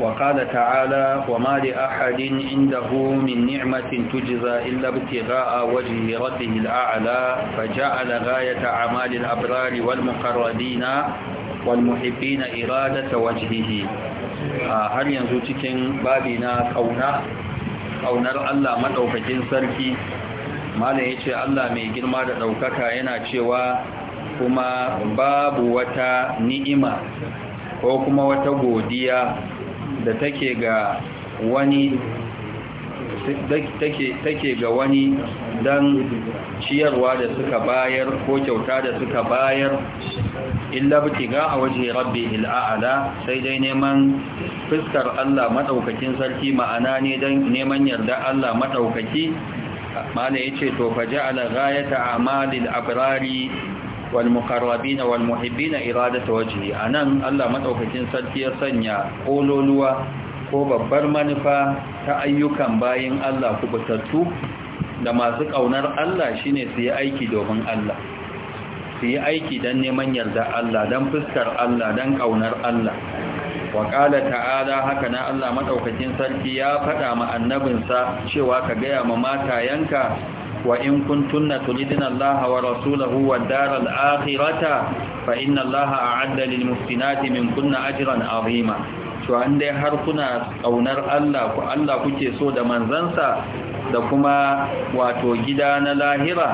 وقال تعالى وما لأحد عنده من نعمة تجزى إلا ابتغاء وجه ربه الأعلى فجعل غاية أعمال الأبرار والمقربين والمحبين إرادة وجهه هل ينزوتكم بابنا قونا قونا الله مدوكتين سركي ما ليش الله ميجر ما دوكك هنا شوى kuma babu wata ni'ima ko kuma wata godiya da take ga wani take ga wani dan ciyarwa da suka bayar ko kyauta da suka bayar illa butiga a waje rabbi il'a'ala sai dai neman fuskar Allah maɗaukakin sarki ma'ana ne don neman yarda Allah maɗaukaki mana ya ce to faji ala gayata amalil abrari والمقربين والمحبين إرادة وجهه أنا الله مدعوكين سلتي يسنيا قولوا لوا ko babbar manufa ta ayyukan bayan Allah kubutattu da masu ƙaunar Allah shine su yi aiki domin Allah su yi aiki don neman yarda Allah don fuskar Allah don ƙaunar Allah wa ƙala ta'ala haka na Allah maɗaukakin sarki ya faɗa ma annabinsa cewa ka gaya ma matayanka وإن كنتن تردن الله ورسوله والدار الآخرة فإن الله أعد للمحسنات kunna ajiran عظيما to an dai har kuna kaunar Allah ku Allah kuke so da manzansa da kuma wato gida na lahira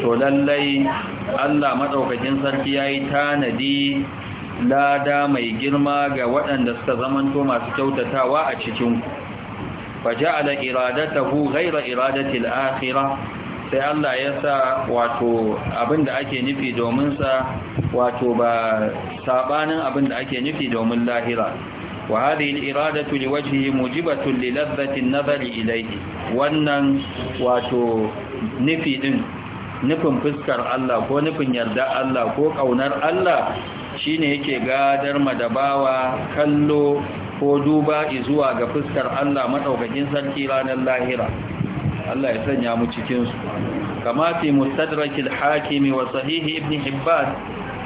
to lallai Allah maɗaukacin sarki yayi tanadi lada mai girma ga waɗanda suka zamanto masu kyautatawa a cikin ku faja'ala iradatahu ghayra iradati al-akhirah sai Allah ya sa wato abin da ake nufi domin sa wato ba sabanin abin da ake nufi domin lahira wa hadhihi al-iradatu liwajhihi mujibatun li ladhati an-nazari ilayhi wannan wato nufi din nufin fuskar Allah ko nufin yarda Allah ko kaunar Allah shine yake gadar madabawa kallo ko duba zuwa ga fuskar Allah madaukakin sarki ranar lahira Allah ya sanya mu cikin su kama fi mustadrak hakimi wa sahih ibn hibban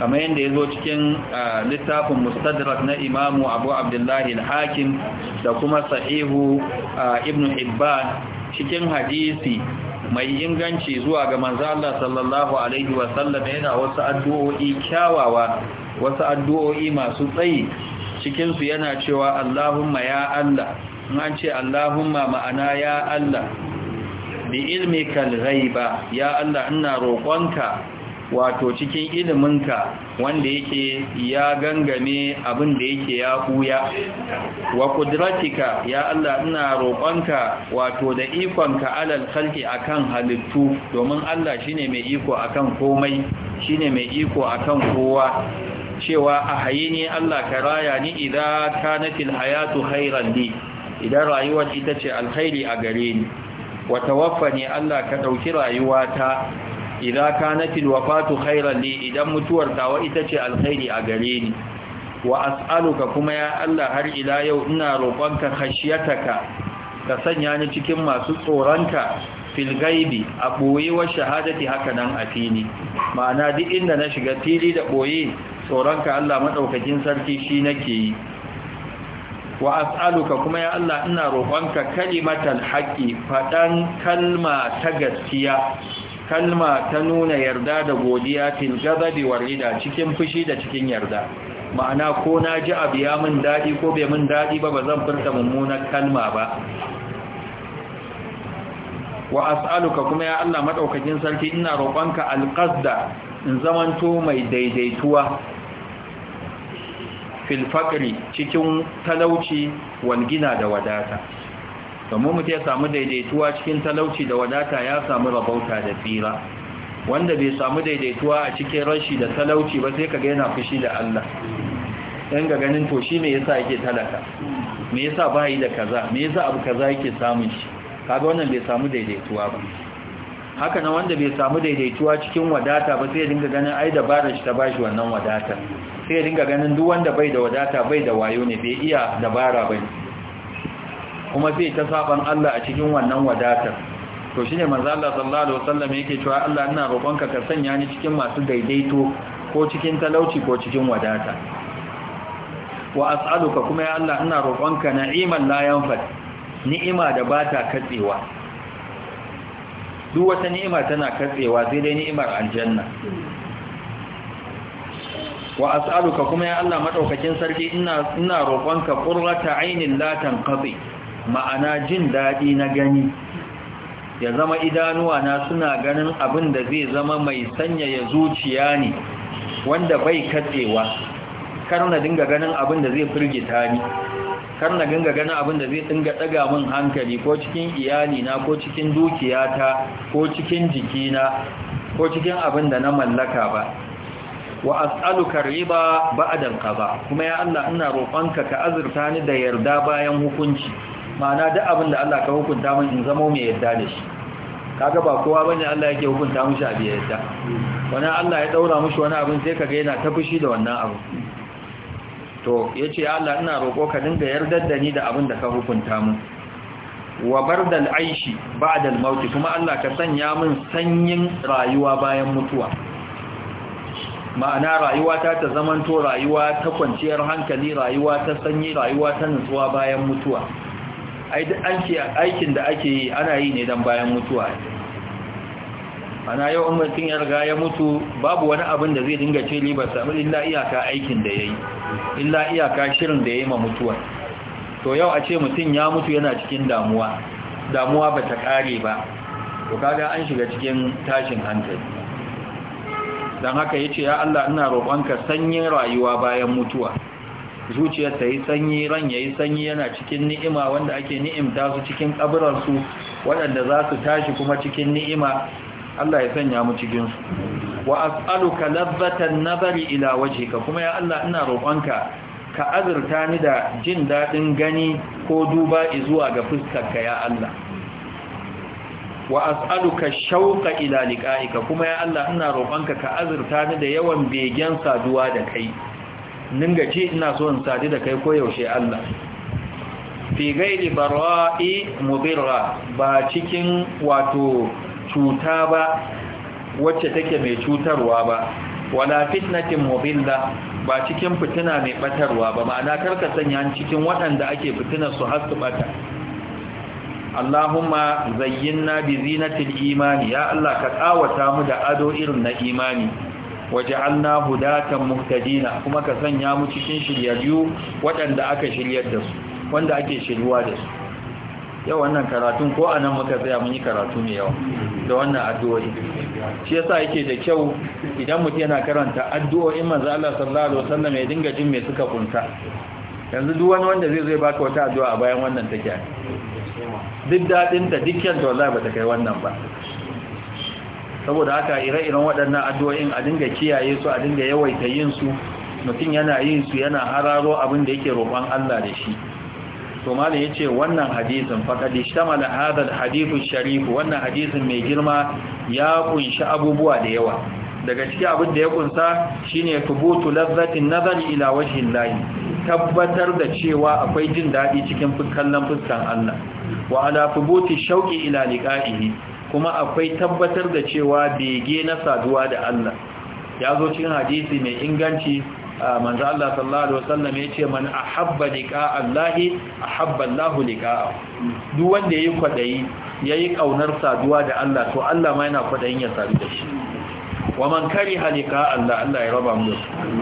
kama yanda yazo cikin littafin mustadrak na imamu abu abdullahi al-hakim da kuma sahihu ibn hibban cikin hadisi mai inganci zuwa ga manzo Allah sallallahu alaihi wa sallam yana wasu addu'o'i kyawawa wasu addu'o'i masu tsayi cikin su yana cewa Allahumma ya Allah in an ce Allahumma ma'ana ya Allah bi ilmi ghaiba ya Allah ina roƙonka wato cikin iliminka wanda yake ya gangame abin da yake ya buya, wa kudratika ya Allah ina roƙonka wato da ikonka alal khalqi akan halittu domin Allah shine mai iko akan komai shine mai iko akan kowa cewa a hayini Allah ka raya ni idan kanatil hayatu khairan li idan rayuwar ita ce alkhairi a gare ni wa ne Allah ka dauki rayuwata idza kanatil wafatu khairan li idan mutuwar tawa ita ce alkhairi a gare ni wa as'aluka kuma ya Allah har ila yau ina roƙonka khashiyataka ka sanya ni cikin masu tsoronka fil gaibi a boye wa shahadati haka nan a fili ma'ana duk inda na shiga fili da boye tsoronka Allah madaukakin sarki shi nake yi wa as'aluka kuma ya Allah ina roƙonka kalimatal haqqi fadan kalma ta gaskiya kalma ta nuna yarda da godiya til gazabi cikin fushi da cikin yarda ma'ana ko na ji abu ya min dadi ko bai min dadi ba bazan furta mummunar kalma ba wa as'aluka kuma ya Allah madaukakin sarki ina roƙonka alqasda in zamanto mai daidaituwa fil faqri cikin talauci walgina da wadata kamar mutum ya samu daidaituwa cikin talauci da wadata ya samu rabauta da tsira wanda bai samu daidaituwa a cikin rashi da talauci ba sai kaga yana fushi da Allah dan ga ganin to shi me yasa yake talaka me yasa ba yi da kaza me yasa abu kaza yake samun shi kaga wannan bai samu daidaituwa ba haka nan wanda bai samu daidaituwa cikin wadata ba sai ya dinga ganin ai dabarar shi ta bashi wannan wadata sai dinga ganin duk wanda bai da wadata bai da wayo ne bai iya dabara bai kuma zai ta saban Allah a cikin wannan wadatar to shine manzo Allah sallallahu alaihi wasallam yake cewa Allah ina roƙonka ka sanya ni cikin masu daidaito ko cikin talauci ko cikin wadata wa as'aluka kuma ya Allah ina roƙonka na'iman la yanfat ni'ima da bata katsewa duk wata ni'ima tana katsewa sai dai ni'imar aljanna wa as'aluka kuma ya Allah madaukakin sarki ina ina roƙonka qurrata ainin la tanqati ma'ana jin dadi na gani ya zama idanuwa na suna ganin abin da zai zama mai sanya ya zuciya ne wanda bai katsewa kar na dinga ganin abin da zai firgita ni kar na dinga ganin abin da zai dinga daga min hankali ko cikin iyali na ko cikin dukiyata ko cikin na ko cikin abin da na mallaka ba wa as'aluka riba ba'dan qada kuma ya Allah ina roƙonka ka azurta ni da yarda bayan hukunci ma'ana duk abin da Allah ka hukunta min in zamo mai yarda da shi kaga ba kowa bane Allah yake hukunta mishi a biya yarda wani Allah ya daura mushi wani abin sai kaga yana ta fushi da wannan abu to yace ya Allah ina roƙo ka dinga yardar da ni da abin da ka hukunta mun. wa bardal aishi ba'da al-maut kuma Allah ka sanya min sanyin rayuwa bayan mutuwa ma'ana rayuwa ta ta zamanto rayuwa ta kwanciyar hankali rayuwa ta sanyi rayuwa ta nutsuwa bayan mutuwa aikin da ake yi ana yi ne don bayan mutuwa ana yau mutum ya riga ya mutu babu wani abin da zai dinga ce libar samu illa iyaka aikin da ya yi illa iyaka shirin da ya yi ma mutuwa to yau a ce mutum ya mutu yana cikin damuwa damuwa ba ta kare ba to kaga an shiga cikin tashin hankali don haka ya ce ya Allah ina roƙonka sanyin rayuwa bayan mutuwa zuciyar ta yi sanyi ran ya yi sanyi yana cikin ni'ima wanda ake ni'imta su cikin ƙabirarsu waɗanda za su tashi kuma cikin ni'ima Allah ya sanya mu cikinsu wa as'aluka labbatan nazari ila wajhika kuma ya Allah ina roƙonka ka azurta ni da jin daɗin gani ko duba zuwa ga ka ya Allah wa as'aluka shauqa ila liqa'ika kuma ya Allah ina roƙonka ka azurta ni da yawan begen saduwa da kai ninga ce ina so in sadu da kai koyaushe Allah fi gairi bara'i mudirra ba cikin wato cuta ba wacce take mai cutarwa ba wala fitnatin mudilla ba cikin fitina mai batarwa ba ma'ana karka sanya cikin waɗanda ake fitinar su hasu bata Allahumma zayyinna bi zinatil imani ya Allah ka kawata mu da ado irin na imani waj'alna hudatan muhtadina kuma ka sanya mu cikin shiryayyu waɗanda aka shiryar da su wanda ake shiryuwa da su yau wannan karatun ko anan muka tsaya mun yi karatu mai yawa da wannan addu'o'i shi yasa yake da kyau idan mutum yana karanta addu'o'in manzo Allah sallallahu alaihi wasallam ya dinga jin me suka kunta yanzu duk wani wanda zai zai baka wata addu'a a bayan wannan take duk daɗin da duk yadda wallahi ba ta kai wannan ba saboda haka ire-iren waɗannan addu'o'in a dinga kiyaye su a dinga yawaita yin su mutum yana yin su yana hararo abin da yake roƙon Allah da shi to malam ya ce wannan hadisin shi ishtamala hadha hadisun sharifu wannan hadisin mai girma ya kunshi abubuwa da yawa daga ciki abin da ya kunsa shine tubutu lazzatin nazari ila wajhi tabbatar da cewa akwai jin daɗi cikin kallon fuskan Allah wa ala fubuti shauqi ila liqa'ihi kuma akwai tabbatar da cewa bege na saduwa da Allah ya zo cikin hadisi mai inganci manzo Allah sallallahu alaihi wasallam yace man ahabba liqa'a Allah ahabba Allah liqa'ahu duk wanda yayi kwadayi yayi kaunar saduwa da Allah to Allah ma yana kwadayin ya sadu da shi wa man kariha liqa Allah Allah ya raba mu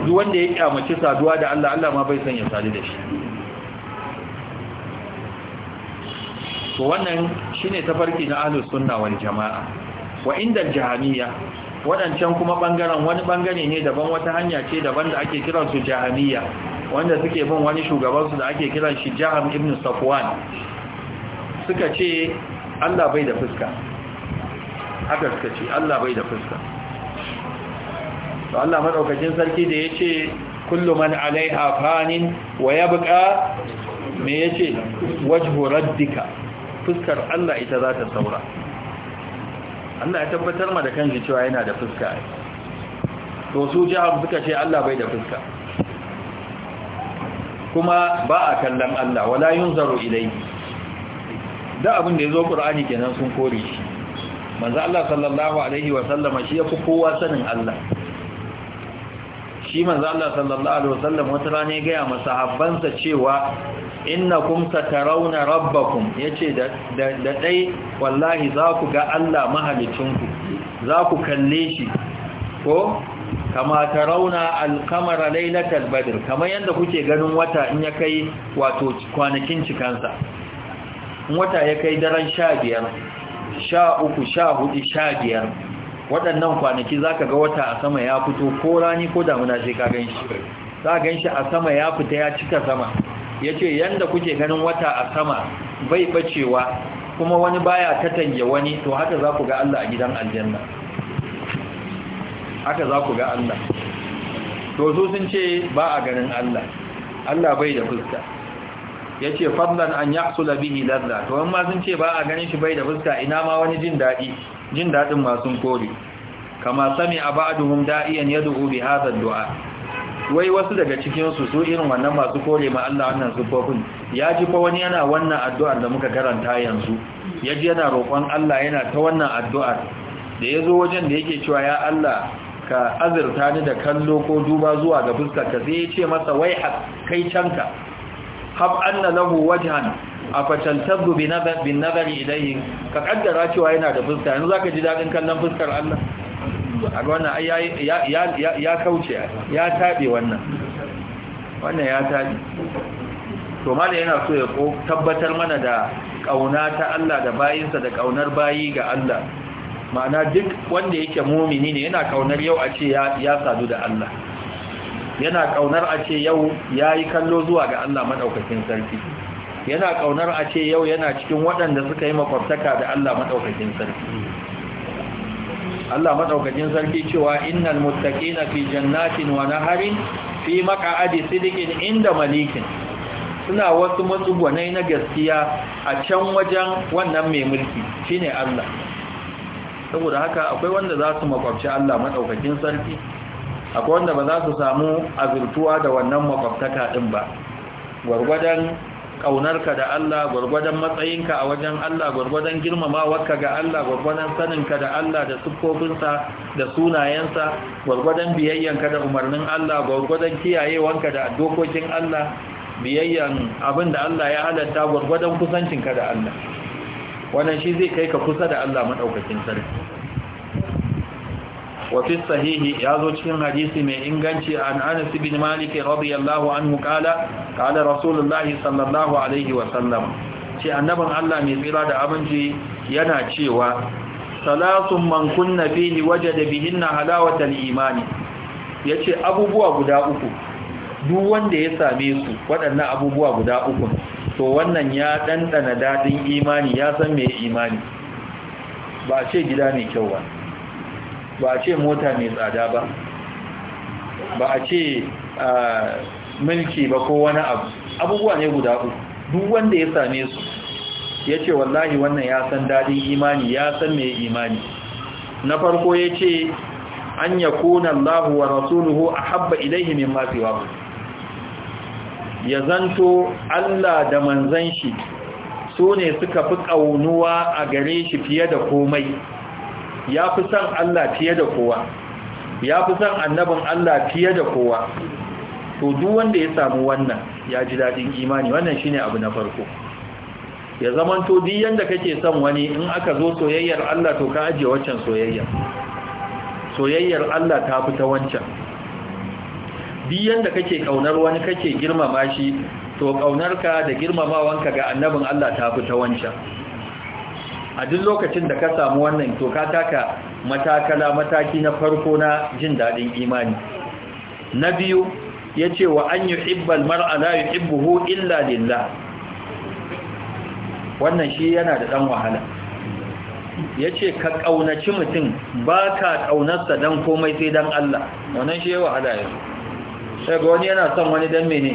duk wanda ya kyamace saduwa da Allah Allah ma bai san ya sadu da shi to wannan shine tafarki na ahlus sunna wal jamaa wa inda jahamiyya wadancan kuma bangaren wani bangare ne daban wata hanya ce daban da ake kiran su jahamiyya wanda suke bin wani shugaban su da ake kiran shi Jaham ibn Safwan suka ce Allah bai da fuska haka suka ce Allah bai da fuska to Allah madaukakin sarki da yace kullu man alaiha fanin wa yabqa me yace wajhu raddika fuskar Allah ita za ta saura Allah ya tabbatar ma da kanshi cewa yana da fuska to su jihar suka ce Allah bai da fuska kuma ba a kallon Allah wala yunzaru ilayhi da abin da yazo Qur'ani kenan sun kore shi manzo Allah sallallahu alaihi wa sallama shi fi kowa sanin Allah shi manzo Allah sallallahu alaihi wasallam wata rana ya ga masahabbansa cewa innakum satarawna rabbakum yace da da dai wallahi za ku ga Allah mahalicinku za ku kalle shi ko kama tarauna alqamara laylatal badr kamar yanda kuke ganin wata in ya kai wato kwanakin cikansa in wata ya kai daren 15 13 14 15 waɗannan kwanaki za ka ga wata a sama ya fito ko rani ko damuna sai ka gan shi za a gan shi a sama ya fita ya cika sama ya ce yadda kuke ganin wata a sama bai bacewa kuma wani baya katange wani to haka za ku ga Allah a gidan aljanna haka za ku ga Allah to su sun ce ba a ganin Allah Allah bai da fuska ya ce fadlan an ya bihi lalla, to wani ma sun ce ba a ganin shi bai da fuska ina ma wani jin daɗi jin daɗin masu kore kama sami a hun da'iyan yad'u bi hadha dua wai wasu daga cikin su irin wannan masu kore ma Allah wannan sufofin ya ji fa wani yana wannan addu'ar da muka karanta yanzu Ya ji yana roƙon Allah yana ta wannan addu'ar da ya zo wajen da yake cewa ya Allah ka azurta ni da kallo ko duba zuwa ga fuskar ka sai ya ce masa wai akai kai canka hab anna lahu wajhan a fatantabbu bi nazari ilayhi ka kaddara cewa yana da fuska yanzu zaka ji daɗin kallon fuskar Allah a wannan ya kauce ya taɓe wannan wannan ya taɓe, to yana so ya tabbatar mana da ƙauna ta Allah da bayinsa da ƙaunar bayi ga Allah ma'ana duk wanda yake momini ne yana ƙaunar yau a ce ya sadu da Allah yana ƙaunar a ce yau ya yi kallo zuwa ga Allah maɗaukakin sarki yana kaunar a ce yau yana cikin waɗanda suka yi makwabtaka da Allah maɗaukakin sarki Allah maɗaukakin sarki cewa innal muttaqina fi jannatin wa naharin fi maq'adi sidqin inda malikin suna wasu matsugunai na gaskiya a can wajen wannan mai mulki shine Allah saboda haka akwai wanda za su makwabci Allah maɗaukakin sarki akwai wanda ba za su samu azurtuwa da wannan makwabtaka ɗin ba gwargwadon ƙaunarka da Allah gwargwadon matsayinka a wajen Allah gwargwadon girmamawarka ga Allah gwargwadon saninka da Allah da siffofinsa da sunayensa gwargwadon biyayyanka da umarnin Allah gwargwadon kiyayewanka da dokokin Allah biyayyan abin da Allah ya halatta gwargwadon kusancinka da Allah wannan shi zai kai ka kusa da Allah maɗaukakin sarki وفي الصحيح يازو تشين حديث من إنغانشي عن أنس بن مالك رضي الله عنه قال قال رسول الله صلى الله عليه وسلم شي أنبن الله من إرادة أبنجي ينا شيوا ثلاث من كن فيه وجد بهن حلاوة الإيمان yace abubuwa guda uku duk wanda ya same su waɗannan abubuwa guda uku to wannan ya ɗanɗana daɗin imani ya san mai imani ba ce gida mai kyau ba ba a ce mota mai tsada ba ba a ce mulki ba ko wani abu abubuwa ne guda uku duk wanda ya same su ya ce wallahi wannan ya san dadin imani ya san mai imani na farko ya ce an ya kuna Allah wa rasuluhu a habba ilaihi min mafi ya zanto Allah da manzan shi su ne suka fi ƙaunuwa a gare shi fiye da komai ya fi san Allah fiye da kowa ya fi san annabin Allah fiye da kowa to duk wanda ya samu wannan ya ji daɗin imani wannan shine abu na farko ya zaman to duk yanda kake son wani in aka zo soyayyar Allah to ka ajiye waccan soyayya soyayyar Allah ta fi ta wancan duk yanda kake kaunar wani kake girmama shi to kaunarka da girmamawanka ga annabin Allah ta fi ta wancan a duk lokacin da ka samu wannan to ka taka matakala mataki na farko na jin daɗin imani na biyu ya ce wa an yi hibbal mar'a la yi hibbuhu illa lillah wannan shi yana da ɗan wahala ya ce ka ƙaunaci mutum ba ka ƙaunarsa don komai sai don Allah wannan shi ya wahala yanzu sai ga wani yana son wani don mene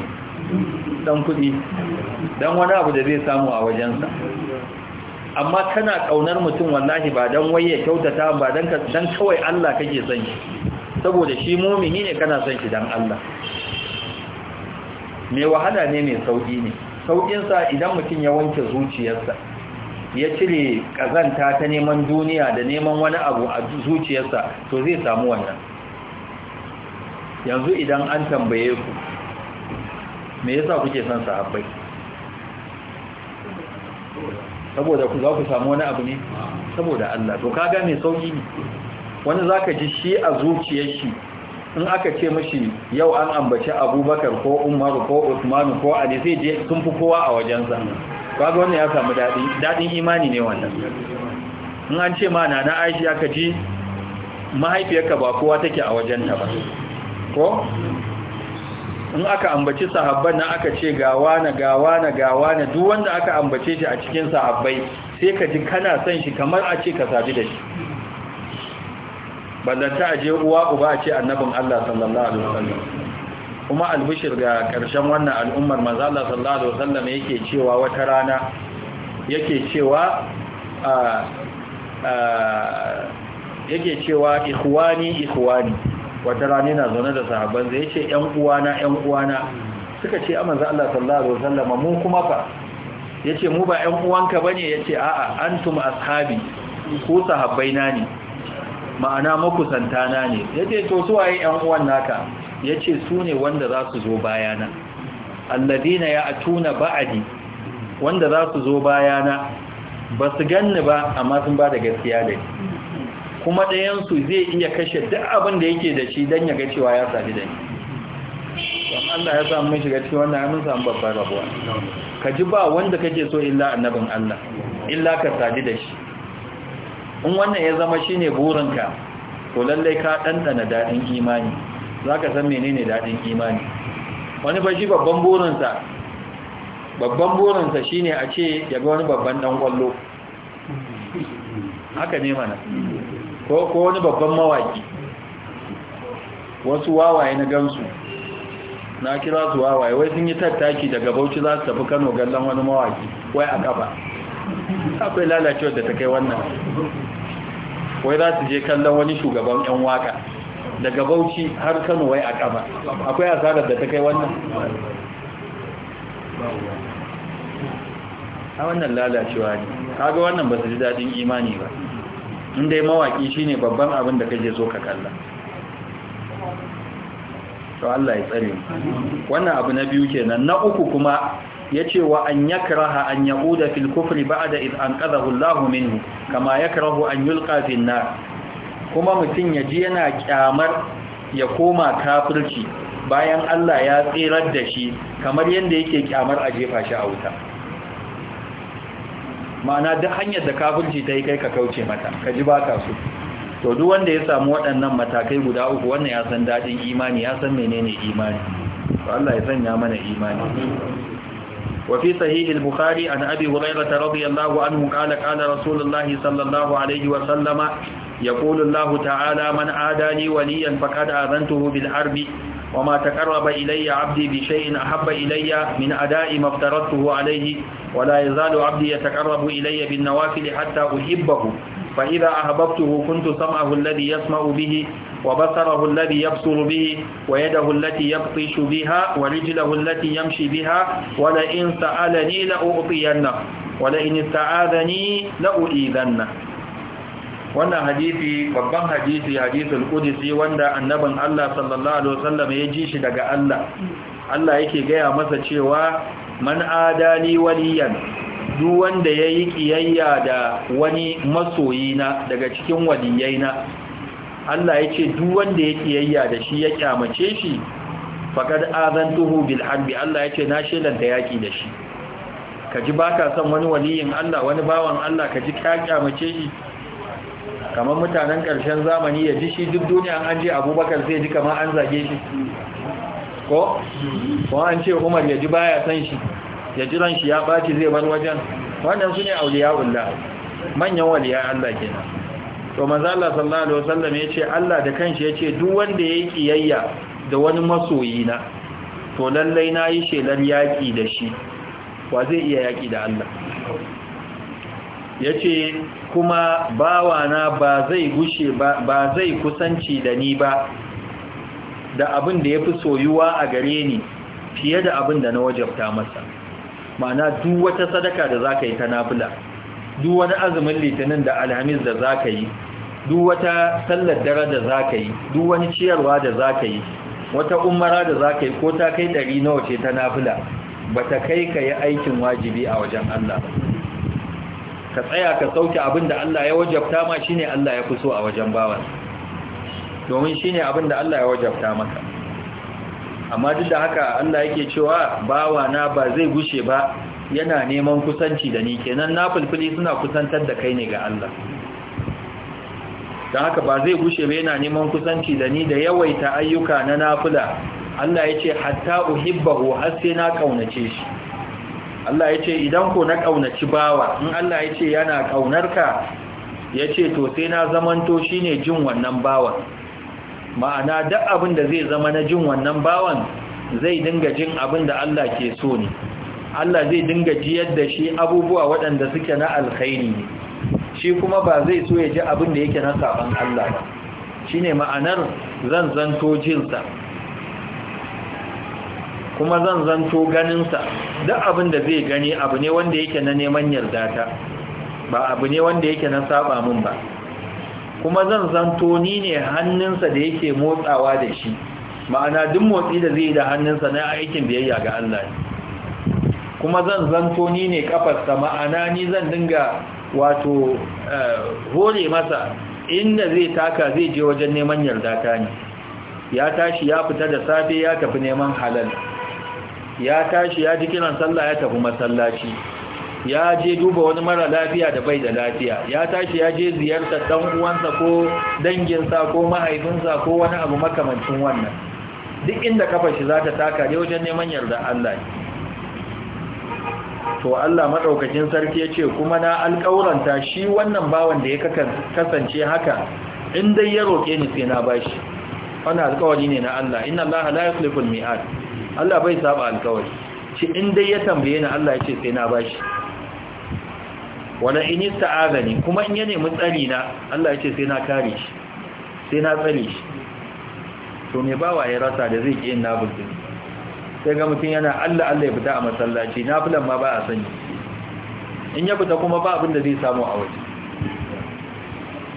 don kuɗi don wani abu da zai samu a wajensa amma kana kaunar mutum wallahi ba dan waye kyautata ba dan dan kawai Allah kake son shi saboda shi mu'mini ne kana son shi dan Allah me wahala ne mai sauki ne saukin sa idan mutum ya wanke zuciyarsa ya cire kazanta ta neman duniya da neman wani abu a zuciyarsa to zai samu wannan yanzu idan an tambaye ku me yasa kuke son sahabbai saboda ku za ku samu wani abu ne saboda Allah to kaga mai sauki ne wani zaka ji shi a zuciyar shi in aka ce mashi yau an ambaci abubakar ko umaru ko usmanu ko ali zai je sun fi kowa a wajen wajensa kaga wannan ya samu dadi daɗin imani ne wannan in an ce ma nana aisha aka ji mahaifiyarka ba kowa take a wajen wajenta ba ko in aka ambaci sahabban nan aka ce gawa na gawa na gawa na duk wanda aka ambace shi a cikin sahabbai sai ka ji kana son shi kamar a ce ka sadu da shi ballanta a je uwa uba a ce annabin Allah sallallahu alaihi wasallam kuma albishir ga karshen wannan al'ummar manzo Allah sallallahu alaihi wasallam yake cewa wata rana yake cewa a yake cewa ikhwani ikhwani wata rani na zaune da sahabban zai ce ƴan uwana ƴan uwana suka ce a manzo Allah sallallahu alaihi wasallam mu kuma fa yace mu ba 'yan uwanka bane yace a'a antum ashabi ku na ne ma'ana makusanta na ne yace to su waye ƴan uwan naka yace su ne wanda za su zo bayana alladina ya'tuna ba'di wanda za su zo bayana ba su ganni ba amma sun ba da gaskiya da ni kuma ɗayansu zai iya kashe duk abin da yake da shi don ya ga cewa ya sami da ni. don Allah ya samu mun shiga cikin wannan amin samu babbar rabuwa ka ji ba wanda kake so illa annabin Allah illa ka sadi da shi in wannan ya zama shi ne burinka to lallai ka ɗanɗana daɗin imani za ka san menene daɗin imani wani ba shi babban burinsa babban burinsa shi ne a ce ya ga wani babban ɗan ƙwallo haka ne mana ko wani babban mawaki wasu wawaye na gansu na kira su wawaye wai sun yi tattaki daga bauchi za su tafi kano gallon wani mawaki wai a kafa akwai lalacewar da ta kai wannan wai za su je kallon wani shugaban 'yan waka daga bauchi har kano wai a kafa akwai asarar da ta kai wannan a wannan lalacewa ne kaga wannan ba su ji daɗin imani ba in dai mawaki shine babban abin da kake zo ka kalla to Allah ya tsare wannan abu na biyu kenan na uku kuma yace wa an yakraha an yaquda fil kufri ba'da id anqadahu Allahu minhu kama yakrahu an yulqa fin nar kuma mutun yaji yana kyamar ya koma kafirci bayan Allah ya tsirar da shi kamar yadda yake kyamar a jefa shi a wuta ma'ana duk hanyar da kafinci ta yi kai ka kauce mata ka ji baka su to duk wanda ya samu waɗannan matakai guda uku wannan ya san daɗin imani ya san menene imani to Allah ya sanya mana imani وفي صحيح البخاري عن أبي هريرة رضي الله عنه قال قال رسول الله صلى الله عليه وسلم يقول الله تعالى من عادى وليا فقد آذنته بالحرب وما تقرب إلي عبدي بشيء أحب إلي من أداء ما افترضته عليه ولا يزال عبدي يتقرب إلي بالنوافل حتى أحبه فإذا أحببته كنت سمعه الذي يسمع به وبصره الذي يبصر به ويده التي يبطش بها ورجله التي يمشي بها ولئن سألني لأعطينه ولئن استعاذني لأؤيذنه wannan hadisi babban hadisi hadisul qudsi wanda annabin Allah sallallahu alaihi wasallam ya ji shi daga Allah Allah yake gaya masa cewa man adani waliyan duk wanda yayi kiyayya da wani masoyi na daga cikin waliyaina Allah yace duk wanda ya kiyayya da shi ya kyamace shi faqad azantuhu bil harbi Allah yace na da yaki da shi kaji baka son wani waliyin Allah wani bawan Allah kaji ka kyamace shi kamar mutanen ƙarshen zamani ya ji shi duk duniya an ji abubakar zai ji kamar an zage shi ko? ko an ce umar ya ji baya san shi ya ji ran ya ɓaci zai bar wajen wannan su ne auliya'ullah manyan waliya Allah kenan to maza Allah sallallahu alaihi wasallam yace Allah da kanshi ce duk wanda yayi kiyayya da wani masoyi na to lallai na yi shelar yaƙi da shi wa zai iya yaƙi da Allah ya ce kuma bawana ba zai gushe ba zai kusanci da ni ba da abin da ya fi soyuwa a gare ni fiye da abin da na wajabta masa ma'ana duk wata sadaka da za ka yi ta nafila duk wani azumin litinin da alhamis da za ka yi duk wata sallar dare da za ka yi duk wani ciyarwa da za ka yi wata umara da za ka yi ko ta kai ɗari nawa ce ta nafila ba ta kai ka yi aikin wajibi a wajen Allah ba ka tsaya ka sauke abin da Allah ya wajabta ma shine Allah ya fi so a wajen bawan domin shine abin da Allah ya wajabta maka amma duk da haka Allah yake cewa bawa na ba zai gushe ba yana neman kusanci da ni kenan na fulfuli suna kusantar da kai ne ga Allah don haka ba zai gushe ba yana neman kusanci da ni da yawaita ayyuka na nafula Allah ya ce hatta uhibbahu har sai na kaunace shi Allah ya ce idan ko na ƙaunaci bawa in Allah ya ce yana ƙaunarka ya ce to sai na zamanto shi ne jin wannan bawan ma'ana duk abin da zai zama na jin wannan bawan zai dinga jin abin da Allah ke so ne Allah zai dinga jiyar da shi abubuwa waɗanda suke na alkhairi ne shi kuma ba zai so ya ji abin da yake na saban Allah ba shine ma'anar zan zanto jinsa kuma zan zanto ganinsa duk abin da zai gani abu ne wanda yake na neman yarda ta, ba abu ne wanda yake na saba min ba kuma zan zanto ni ne hannunsa da yake motsawa da shi ma'ana duk motsi da zai da hannunsa na aikin biyayya ga Allah kuma zan zanto ni ne kafarsa ma'ana ni zan dinga wato eh, hore masa inda zai taka zai je wajen neman yarda ta ne ya tashi ya fita da safe ya tafi neman halal ya tashi ya ji kiran sallah ya tafi masallaci ya je duba wani mara lafiya da bai da lafiya ya tashi ya je ziyartar dan uwansa ko danginsa ko mahaifinsa ko wani abu makamancin wannan duk inda kafa shi za ta taka dai wajen neman yarda Allah to Allah madaukakin sarki yace kuma na alƙauranta shi wannan bawan da ya kasance haka in dai ya roke ni sai na bashi wannan alƙawari ne na Allah inna Allah la yukhlifu miad Allah bai saba alkawari shi in dai ya tambaye ni Allah ya ce sai na bashi wala in ista'azani kuma in ya nemi tsari na Allah ya ce sai na kare shi sai na tsare shi to me bawa ya rasa da zai ki yin nafilin sai ga mutum yana Allah Allah ya fita a masallaci fulan ma ba a sani in ya fita kuma ba abin da zai samu a waje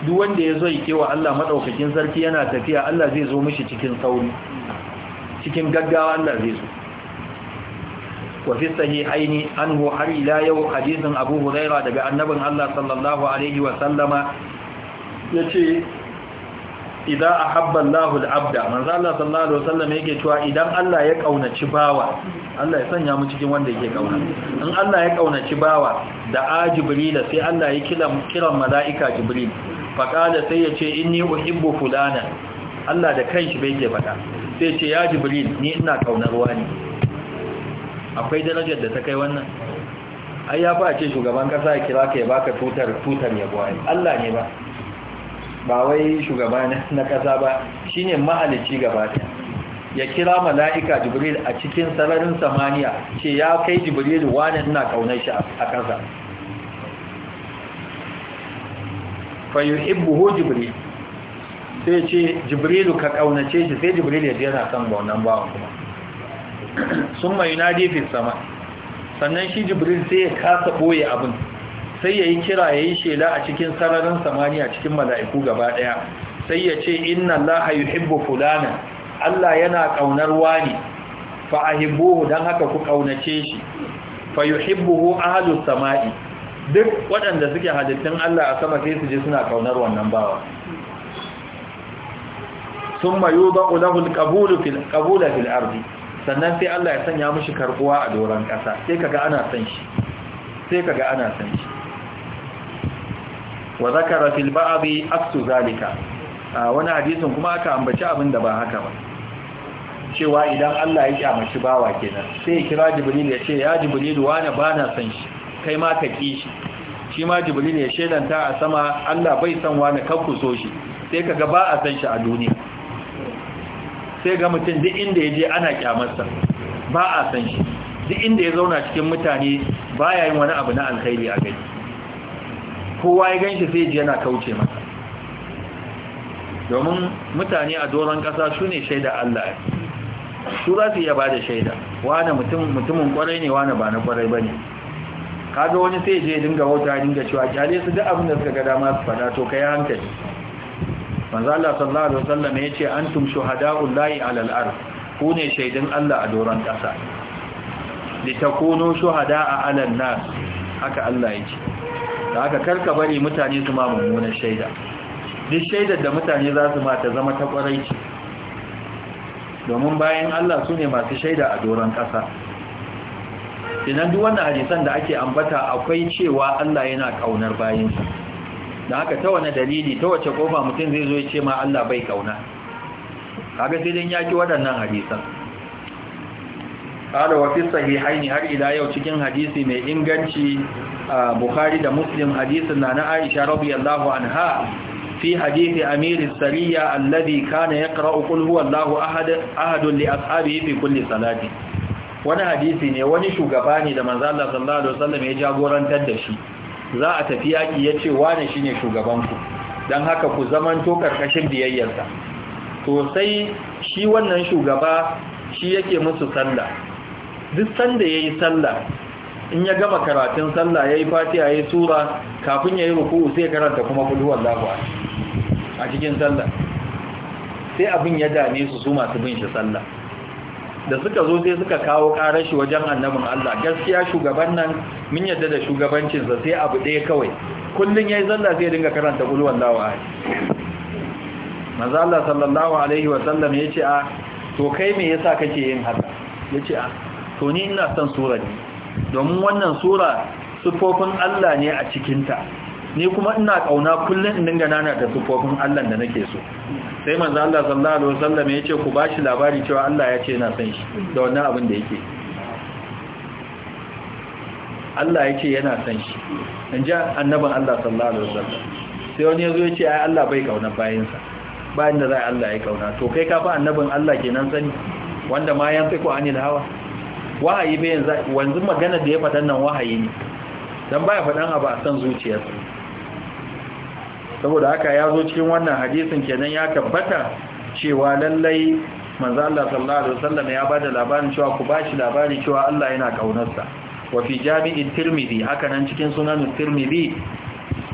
duk wanda ya zo ya kewa Allah madaukakin sarki yana tafiya Allah zai zo mishi cikin sauri cikin gaggawa Allah zai so wa fi sahihaini anhu har ila yau hadisin Abu Hurairah daga annabin Allah sallallahu alaihi wa sallama yace idza ahabba Allahu al-abda manzo Allah sallallahu alaihi wa wasallam yake cewa idan Allah ya kaunaci bawa Allah ya sanya mu cikin wanda yake kauna in Allah ya kaunaci bawa da a jibril sai Allah ya kira kiran malaika jibril faqala sai yace inni uhibbu fulana Allah da kanshi bai ke faɗa sai ce ya jibril ni ina kaunar wani akwai darajar da ta kai wannan ai ya fa ce shugaban kasa ya kira ka ya baka tutar tutar ya Allah ne ba ba wai shugaba na kasa ba shine mahalici gaba ta ya kira mala'ika jibril a cikin sararin samaniya ce ya kai jibril wani ina kaunar shi a kasa fa yuhibbu jibril sai ce jibrilu ka kaunace shi sai jibrilu ya yana son wannan bawan kuma sun mai yunadi fi sama sannan shi jibril sai ya kasa boye abin sai ya yi kira ya yi shela a cikin sararin samaniya cikin mala'iku gaba ɗaya sai ya ce inna yi hibbo fulana allah yana kaunar wani fa a ahibbuhu don haka ku kaunace shi fa yuhibbuhu hadu sama'i duk waɗanda suke halittun Allah a sama sai su je suna kaunar wannan bawa thumma yudau lahu alqabulu fil qabula fil ardi sannan sai Allah ya sanya mishi karbuwa a doran kasa sai kaga ana san shi sai kaga ana san shi wa zakara fil ba'dhi aktu zalika wani hadisin kuma aka ambaci abin da ba haka ba cewa idan Allah ya kyamaci bawa kenan sai ya kira jibril ya ce ya jibril wani bana san shi kai ma ka ki shi shi ma jibril ya shelanta a sama Allah bai san wani kakkuso shi sai kaga ba a san shi a duniya sai ga mutum duk inda ya je ana kyamarsa ba a san shi duk inda ya zauna cikin mutane ba ya yin wani abu na alkhairi a gani kowa ya gan shi sai ji yana kauce masa domin mutane a doron ƙasa su ne shaida Allah su za su iya ba da shaida wane mutumin kwarai ne wane ba na kwarai ba ne kaga wani sai je dinga wauta dinga cewa kyale su duk abin da suka ga dama su fada to kai hankali manzo Allah sallallahu alaihi wasallam yace antum shuhada'ul lahi 'alal ard ku ne shaidun Allah a doron kasa litakunu shuhada'a 'alan nas haka Allah yace da haka karka bari mutane su ma mummunan shaida duk shaidar da mutane za su ma ta zama ta kwarai ce domin bayan Allah su ne masu shaida a doron kasa sinan duk wannan hadisan da ake ambata akwai cewa Allah yana kaunar bayinsa da haka ta wani dalili ta wace kofa mutum zai zo ya ce ma Allah bai kauna kaga sai dan yaki waɗannan hadisan qala wa fi sahihaini har ila yau cikin hadisi mai inganci Bukhari da Muslim hadisin na na Aisha radiyallahu anha fi hadisi Amir sariya alladhi kana yaqra'u qul huwallahu ahad ahad li ashabihi fi kulli salati wani hadisi ne wani shugaba ne da manzo Allah sallallahu alaihi wasallam ya jagorantar da shi za a tafi yaƙi ya ce wane shi ne shugabanku don haka ku zamanto ƙarƙashin biyayyarsa to sai shi wannan shugaba shi yake musu sallah duk sanda ya yi sallah in ya gama karatun sallah ya yi fati, ya yi sura kafin ya yi ruku'u sai karanta kuma kulhuwan labuwa a cikin sallah sai abin ya dame su su masu bin shi sallah da suka zo sai suka kawo karar shi wajen annabin Allah gaskiya shugaban nan mun yadda da shugabancinsa sai abu ɗaya kawai kullun yayi zalla sai dinga karanta qul wallahu manzo Allah sallallahu alaihi wa sallam yace a to kai me yasa kake yin haka yace a to ni ina son sura ne domin wannan sura sufofin Allah ne a cikin ta ni kuma ina kauna kullun in dinga nana da sufofin Allah da nake so sai manzo Allah sallallahu alaihi wasallam ya ce ku bashi labari cewa Allah ya ce yana san shi da wannan abin da yake Allah ya ce yana san shi in ji annabin Allah sallallahu alaihi wasallam sai wani yazo ya ce ai Allah bai kauna sa bayan da zai Allah ya kauna to kai ka fa annabin Allah kenan sani wanda ma yan fiko anil hawa wahayi bai yanzu wanzu magana da ya fadan nan wahayi ne dan baya faɗan abu a san zuciyarsa saboda haka ya zo cikin wannan hadisin kenan ya tabbata cewa lallai manzo Allah sallallahu alaihi wasallam ya bada labarin cewa ku bashi labari cewa Allah yana kaunarsa wa fi jami'i tirmidhi haka nan cikin sunan tirmidhi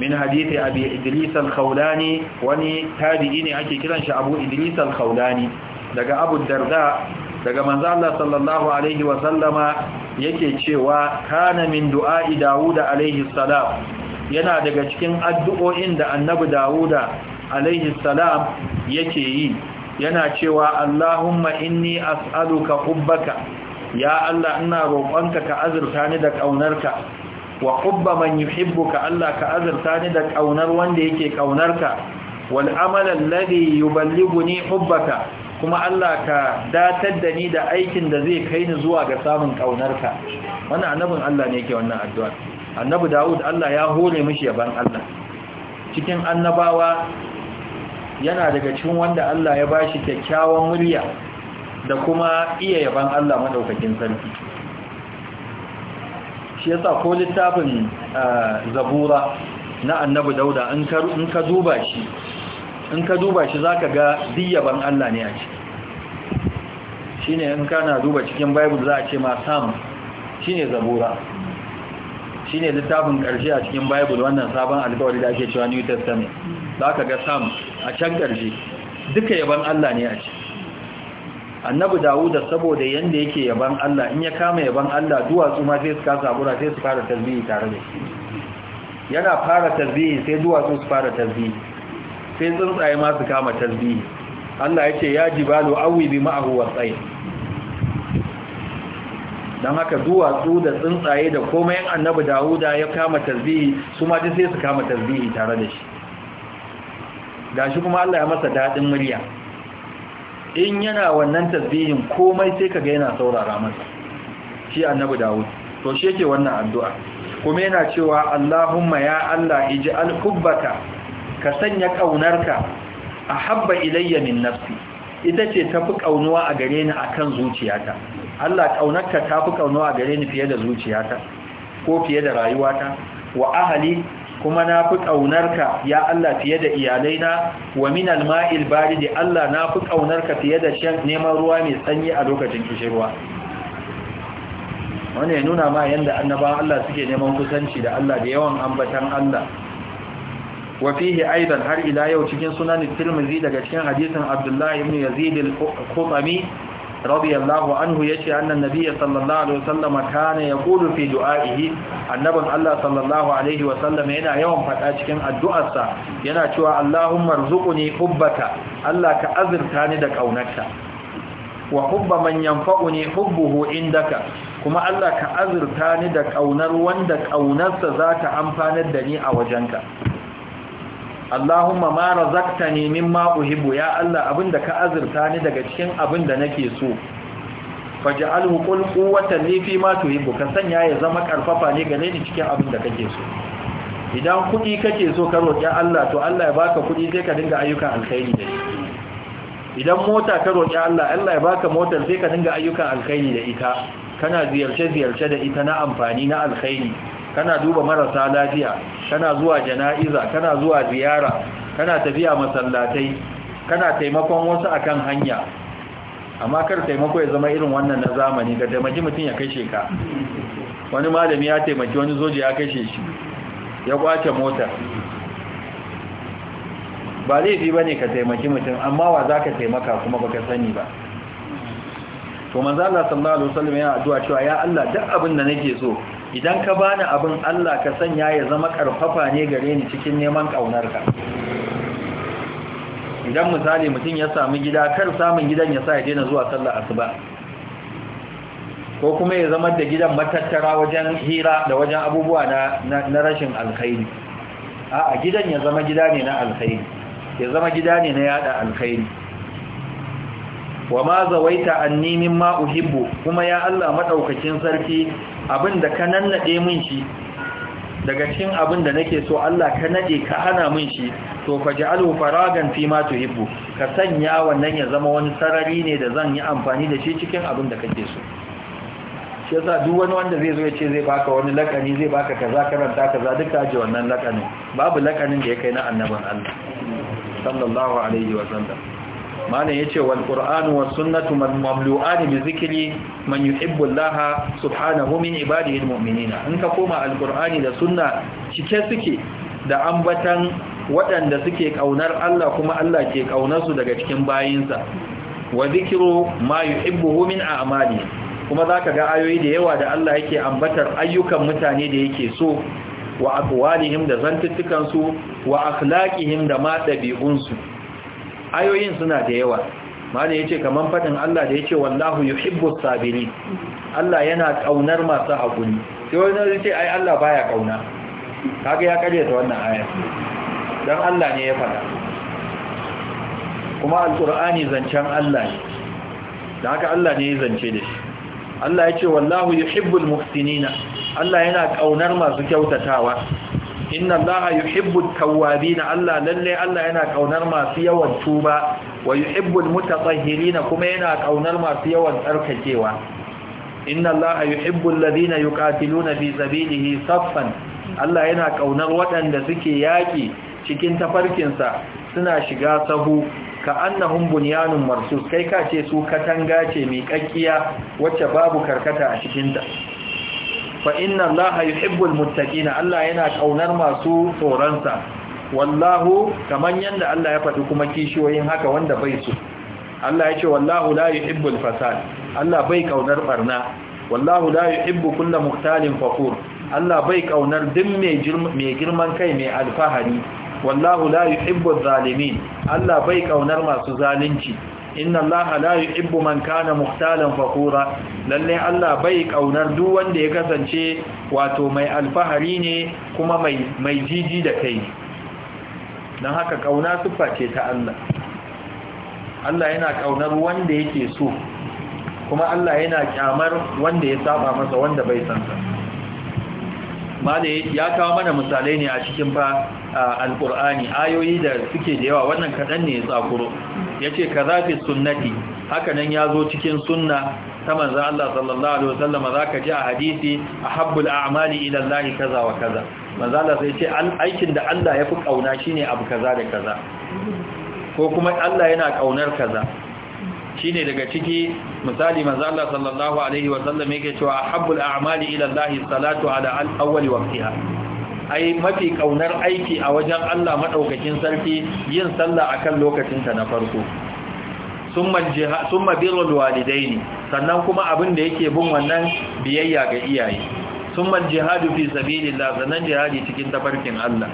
min hadisi abi idris al-khawlani wani tabi'i ne ake kiran shi abu idris al-khawlani daga abu darda daga manzo Allah sallallahu alaihi wasallama yake cewa kana min du'a'i dauda alaihi salam yana daga cikin addu'o'in da annabi Dawuda alaihi salam yake yi yana cewa Allahumma inni as'aluka hubbaka ya Allah ina roƙonka ka azurta ni da ƙaunarka wa hubba man yuhibbuka Allah ka azurta ni da ƙaunar wanda yake ƙaunarka wal amala alladhi yuballighuni hubbaka kuma Allah ka datar da ni da aikin da zai kai ni zuwa ga samun ƙaunarka wannan annabin Allah ne yake wannan addu'a annabi dawud Allah ya hore mishi yaban Allah cikin annabawa yana daga cikin wanda Allah ya bashi kyakkyawan murya da kuma iya yaban Allah madaukakin sarki shi yasa ko littafin eh, zabura na annabi dauda in ka in ka duba shi in ka duba shi zaka ga diyaban Allah ne a ciki shine in kana duba cikin bible za a ce ma sam shine zabura shine littafin ƙarshe a cikin bible wannan sabon alkawari da ake cewa new testament za ka ga sam a can ƙarshe duka yaban allah ne a ce annabi dawuda saboda yanda yake yaban allah in ya kama yaban allah duwatsu ma sai su kasa bura sai su fara tasbihi tare da yana fara tasbihi sai duwatsu su fara tasbihi sai tsuntsaye ma su kama tasbihi allah ya ce ya jibalu awi bi ma'ahu wa don haka duwatsu da tsuntsaye da komai annabi dawuda ya kama tasbihi su ma duk sai su kama tasbihi tare da shi gashi kuma Allah ya masa daɗin murya in yana wannan tasbihin komai sai kaga yana saurara masa shi annabi dawud to shi yake wannan addu'a kuma yana cewa Allahumma ya Allah iji hubbaka ka sanya kaunarka ahabba ilayya min nafsi ita ce tafi ƙaunuwa a gare ni akan zuciyata Allah kaunarka ta fi a gare ni fiye da zuciyata ko fiye da rayuwata wa ahali kuma na fi ƙaunarka ya Allah fiye da iyalaina wa min alma'il baridi Allah na fi ƙaunarka fiye da shan neman ruwa mai sanyi a lokacin kishirwa wanda ya nuna ma yanda annabawan Allah suke neman kusanci da Allah da yawan ambatan Allah wa fihi aidan har ila yau cikin sunan tilmizi daga cikin hadisin Abdullahi ibn Yazid al-Qutami radiyallahu anhu yace annan nabiyyi ya alaihi wasallam kana yaqulu fi du'a'ihi annaban Allah sallallahu alaihi yana yawan faɗa cikin addu'arsa yana cewa Allahumma ne hubbaka Allah ka azurta ni da kaunarka wa hubba man yanfa'uni hubbuhu indaka kuma Allah ka azurta ni da ƙaunar wanda ƙaunarsa za ta amfanar da ni a wajenka Allahumma ma razaqtani mimma uhibbu ya Allah abinda ka azurta ni daga cikin abinda nake so faj'alhu qul quwwatan li fi ma tuhibbu ka sanya ya zama karfafa ne gare ni cikin abinda kake so idan kudi kake so ka roki Allah to Allah ya baka kudi sai ka dinga ayyukan alkhairi da shi idan mota ka roki Allah Allah ya baka mota sai ka dinga ayyukan alkhairi da ita kana ziyarce ziyarce da ita na amfani na alkhairi kana duba marasa lafiya kana zuwa jana'iza kana zuwa ziyara kana tafiya masallatai kana taimakon wasu akan hanya amma kar taimako ya zama irin wannan na zamani ga taimaki mutum ya kashe ka wani malami ya taimaki wani zoji ya kashe shi ya kwace mota ba laifi ba ne ka taimaki mutum amma wa za ka taimaka kuma baka sani ba to manzo Allah sallallahu alaihi wasallam yana addu'a cewa ya Allah duk abin da nake so idan ka bani abin Allah ka sanya ya zama karfafa ne gare ni cikin neman kaunarka idan misali mutum ya samu gida kar samun gidan ya sa ya daina zuwa sallar asuba ko kuma ya zama da gidan matattara wajen hira da wajen abubuwa na rashin alkhairi a gidan ya zama gida ne na alkhairi ya zama gida ne na yada alkhairi wa ma zawaita anni mimma uhibbu kuma ya Allah madaukakin sarki abinda ka nannade min shi daga cikin abinda nake so Allah ka nade ka hana min shi to faj'alhu faragan fi ma tuhibbu ka sanya wannan ya zama wani sarari ne da zan yi amfani da shi cikin abinda kake so shi yasa duk wani wanda zai zo ya ce zai baka wani lakani zai baka kaza karanta kaza duka ji wannan lakanin babu lakanin da ya kai na annabin Allah sallallahu alaihi wa sallam malam yace wal qur'anu was sunnatu mamlu'ani bi zikri man yuhibbu allaha subhanahu min ibadihi almu'minina in ka koma qur'ani da sunna cike suke da ambatan waɗanda suke kaunar Allah kuma Allah ke kaunar su daga cikin bayinsa wa zikru ma yuhibbuhu min a'mali kuma zaka ga ayoyi da yawa da Allah yake ambatar ayyukan mutane da yake so wa aqwalihim da zantuttukan su wa akhlaqihim da ma dabi'un su ayoyin suna da yawa mana ce kamar fadin Allah da ya ce wallahu hibbus sabini Allah yana kaunar masu haƙuni sai wani ce ai Allah baya kauna kaga ya kare ta wannan aya Don Allah ne ya fada kuma Alƙur'ani zancen Allah ne Da haka Allah ne ya zance da shi Allah yace wallahu hibbul muhsinina Allah yana kaunar masu kyautatawa inna allaha yuhibbu na allah lalle allah yana kaunar masu yawan tuba wa yuhibbu almutatahhirina kuma yana kaunar masu yawan tsarkakewa inna allaha yuhibbu alladhina yuqatiluna fi sabilihi saffan allah yana kaunar waɗanda suke yaki cikin tafarkinsa suna shiga sahu ka bunyanun marsus kai ka ce su katanga ce mai kakkiya wacce babu karkata a cikinta fa inna allaha yuhibbul Allah yana kaunar masu tsoronsa wallahu kaman yanda Allah ya faɗi kuma kishiyoyin haka wanda bai so Allah ya ce wallahu la yuhibbul fasad Allah bai kaunar barna wallahu la yuhibbu kullu muhtalin fakhur Allah bai kaunar duk mai girman kai mai alfahari wallahu la yuhibbu zalimin Allah bai kaunar masu zalunci inna allaha la yuhibbu man kana muhtalan fakura lalle Allah bai kaunar duk wanda ya kasance wato mai alfahari ne kuma mai mai jiji da kai dan haka kauna siffa ce ta Allah Allah yana kaunar wanda yake so kuma Allah yana kyamar wanda ya saba masa wanda bai san sa ya kawo mana misalai ne a cikin fa alkur'ani ayoyi da suke da yawa wannan kaɗan ne ya tsakuro ya ce ka zafi sunnati haka nan ya zo cikin sunna ta manzan Allah sallallahu Alaihi wasallam za ka ji a hadisi a habbul a'amali ilallahi kaza wa kaza manzan Allah sai ce aikin da Allah ya fi ƙauna shi ne abu kaza da kaza ko kuma Allah yana ƙaunar kaza shi ne daga ciki misali manzan Allah sallallahu Alaihi wasallam yake cewa a habbul a'amali ilallahi salatu ala awwali waqtiha ai mafi kaunar aiki a wajen Allah madaukakin sarki yin sallah akan lokacinta na farko summa birrul walidaini sannan kuma abin da yake bin wannan biyayya ga iyaye summa jihadu fi sabilillah sannan jihadi cikin tafarkin Allah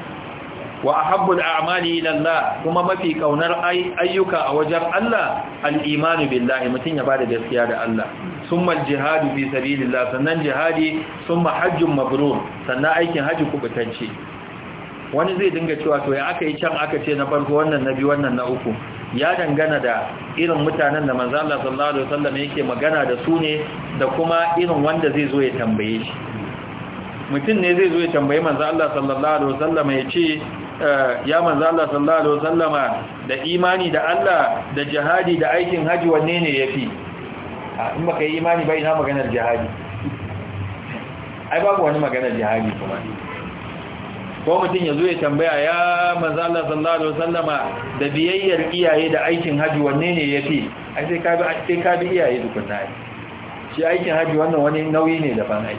wa ahabbul a'mali ila Allah kuma mafi kaunar ayyuka a wajen Allah al-imanu billahi mutun ya bada gaskiya da Allah summa al-jihadu fi sabilillah sannan jihadi summa hajjun mabrur sannan aikin haji kubutance wani zai dinga cewa to ya aka yi can aka ce na farko wannan na biyu wannan na uku ya dangana da irin mutanen da manzo Allah sallallahu alaihi wasallam yake magana da su ne da kuma irin wanda zai zo ya tambaye shi mutum ne zai zo ya tambayi manzo Allah sallallahu alaihi wasallam ya ce Eh, ya manzo Allah sallallahu alaihi wasallama da imani da Allah da jihadi da aikin haji wanne ne yafi in baka yi imani ba ina maganar jihadi ai babu wani maganar jihadi kuma ko mutum ya zo ya tambaya ya manzo Allah sallallahu alaihi wasallama da biyayyar iyaye da aikin haji wanne ne yafi ai sai ka bi sai ka bi iyaye dukunna shi aikin haji wannan wani nauyi ne daban ai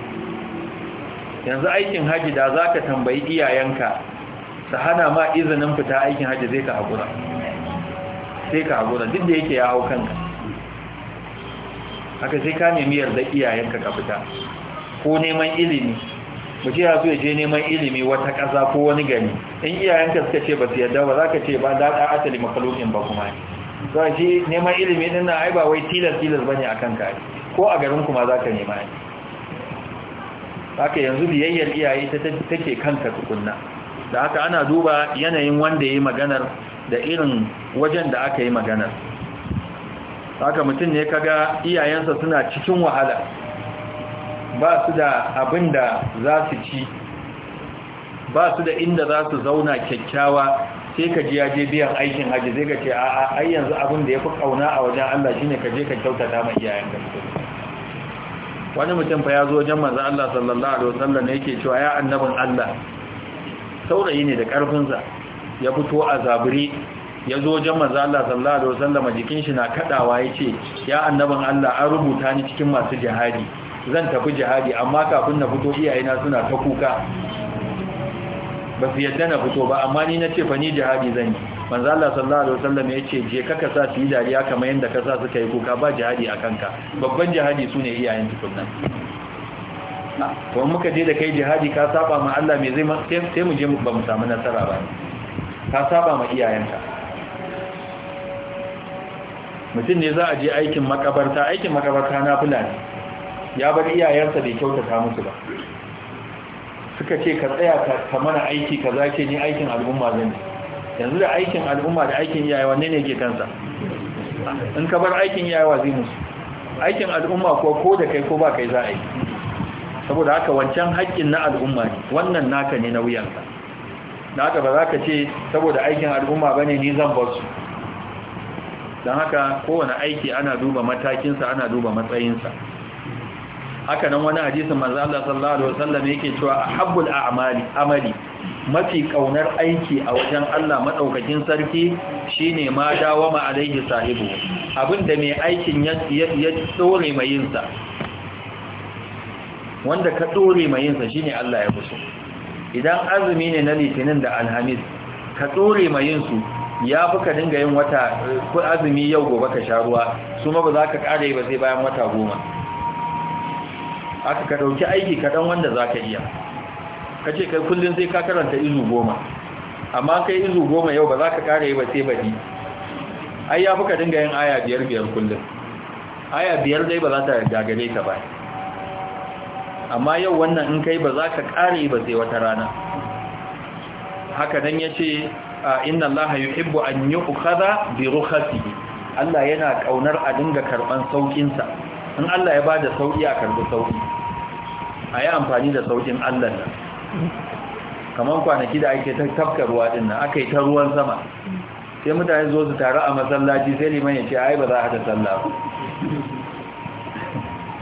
yanzu aikin haji da zaka tambayi iyayenka ta hana ma izinin fita aikin hajji zai ka haƙura sai ka haƙura duk da yake ya hau kanka haka sai ka nemi yarda iyayenka ka fita ko neman ilimi mutum ya so ya je neman ilimi wata ƙasa ko wani gani. in iyayenka suka ce ba su yarda ba za ka ce ba da ɗan asali makalokin ba kuma za a shi neman ilimi ɗin na aiba wai tilas-tilas ba ne a kan kare ko a garin kuma za ka nema ne haka yanzu biyayyar iyaye ta take kanka tukunna da haka ana duba yanayin wanda ya yi maganar da irin wajen da aka yi maganar haka mutum ne kaga iyayensa suna cikin wahala ba su da abin da za su ci ba su da inda za su zauna kyakkyawa sai ka ji yaje biyan aikin haji zai ka ce a'a ai yanzu abin da ya fi kauna a wajen Allah shine ka je ka kyauta dama iyayen ka wani mutum fa ya zo wajen manzo Allah sallallahu alaihi wasallam ne yake cewa ya annabin Allah saurayi ne da ƙarfinsa ya fito a zabire ya zo wajen manzo Allah sallallahu alaihi wasallam jikin shi na kadawa yace ya annaban Allah an rubuta ni cikin masu jihadi zan tafi jihadi amma kafin na fito iyayena suna ta kuka ba yadda na fito ba amma ni nace fa ni jihadi zan yi manzo Allah sallallahu alaihi wasallam yace je ka kasa su yi dariya kamar yanda kasa suka yi kuka ba jihadi akan ka babban jihadi sune iyayen tukunna to muka je da kai jihadi ka saba ma Allah me zai sai mu je ba mu samu nasara ba ka saba ma iyayenka mutum ne za a je aikin makabarta aikin makabarta na fulani ya bar iyayensa bai kyautata musu ba suka ce ka tsaya ka mana aiki ka zace ni aikin al'umma zan yanzu da aikin al'umma da aikin iyaye wanne ne ke kansa in ka bar aikin iyaye wa zai musu aikin al'umma ko ko da kai ko ba kai za a yi saboda haka wancan haƙƙin na al'umma ne wannan naka ne na wuyanka da haka ba za ka ce saboda aikin al'umma ba ne ni zan basu don haka kowane aiki ana duba matakinsa ana duba matsayinsa haka nan wani hadisin manzo Allah sallallahu alaihi wasallam yake cewa ahabbul a'mali amali mafi kaunar aiki a wajen Allah madaukakin sarki shine ma dawama alaihi sahibu abinda mai aikin ya ya tsore mai yinsa. wanda ka dore mai yinsa shine Allah ya kusa idan azumi ne na litinin da alhamis ka dore mai yinsu ya fi ka dinga yin wata ko azumi yau gobe ka sha ruwa su ma ba za ka kare yi ba sai bayan wata goma aka ka aiki aiki dan wanda za ka iya ka ce kai kullum sai ka karanta izu goma amma kai izu goma yau ba za ka kare yi ba sai baɗi ai ya fi ka dinga yin aya biyar biyar kullum aya biyar dai ba za ta gagare ka ba amma yau wannan in kai ba za ka ƙare ba sai wata rana haka nan ya ce inna allaha yuhibbu an yu'khadha bi rukhasihi Allah yana ƙaunar a dinga karban saukin in Allah ya bada sauki a karbi sauki yi amfani da saukin Allah nan kamar kwanaki da ake tafka ruwa din nan akai ta ruwan sama sai mutane zo su taru a masallaci sai liman ya ce ai ba za a hada sallah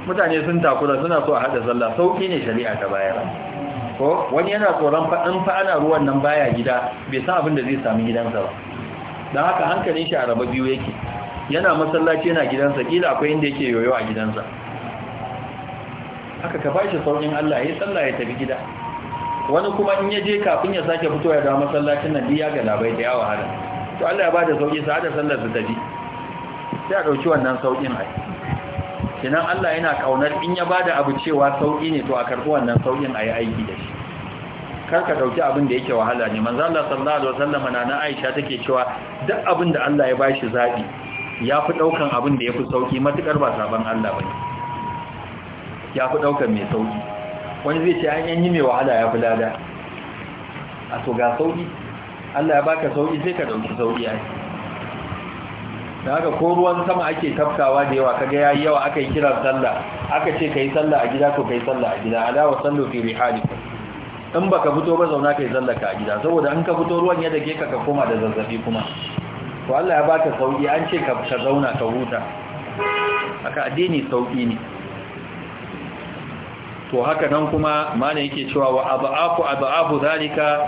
mutane sun takura suna so a hada sallah sauki ne shari'a ta bayar ko wani yana tsoron faɗin fa ana ruwan nan baya gida bai san abin da zai sami gidansa ba don haka hankalin shi a raba biyu yake yana masallaci yana gidansa kila akwai inda yake yoyo a gidansa haka ka bashi saukin Allah ya sallah ya tafi gida wani kuma in ya je kafin ya sake fito ya dawo masallacin nan biya ga labai da yawa hada to Allah ya bada sauki sa da sallar su tafi sai a dauki wannan saukin ai kenan Allah yana kaunar in ya bada abu cewa sauki ne to a karbi wannan saukin ayi aiki da shi karka dauki abin da yake wahala ne manzo Allah sallallahu alaihi wasallam na na Aisha take cewa duk abin da Allah ya bashi zabi yafi daukan abin da yafi sauki matukar ba saban Allah bane yafi daukan mai sauki wani zai ce an yi mai wahala yafi lada a to ga sauki Allah ya baka sauki sai ka dauki sauki ai da haka ko ruwan sama ake tafkawa da yawa kaga yayi yawa aka yi kiran sallah aka ce kai sallah a gida ko kai sallah a gida ala wa sallu fi rihalika in baka fito ba zauna kai sallah ka a gida saboda in ka fito ruwan ya dake ka ka koma da zazzabi kuma to Allah ya baka sauki an ce ka ka zauna ka huta aka addini sauki ne to haka nan kuma mana yake cewa wa abu abu zalika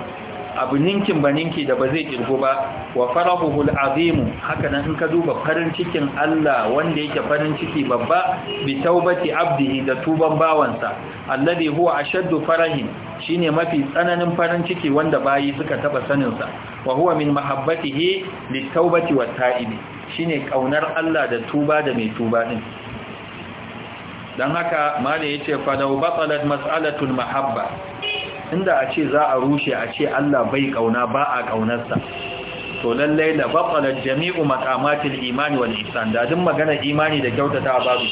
abu ninkin ba ninki da ba zai kirgo ba wa farahuhul azimu haka nan in ka duba farin cikin Allah wanda yake farin ciki babba bi taubati abdihi da tuban bawansa alladhi huwa ashaddu farahin shine mafi tsananin farin ciki wanda bayi suka taba sanin sa wa huwa min mahabbatihi litaubati wattaibi shine kaunar Allah da tuba da mai tuba din dan haka malai yace fa law batalat mas'alatul mahabba inda a ce za a rushe a ce Allah bai kauna ba a kaunarsa to lallai da baqala jami'u maqamatil imani wal ihsan da duk magana imani da kyautata babu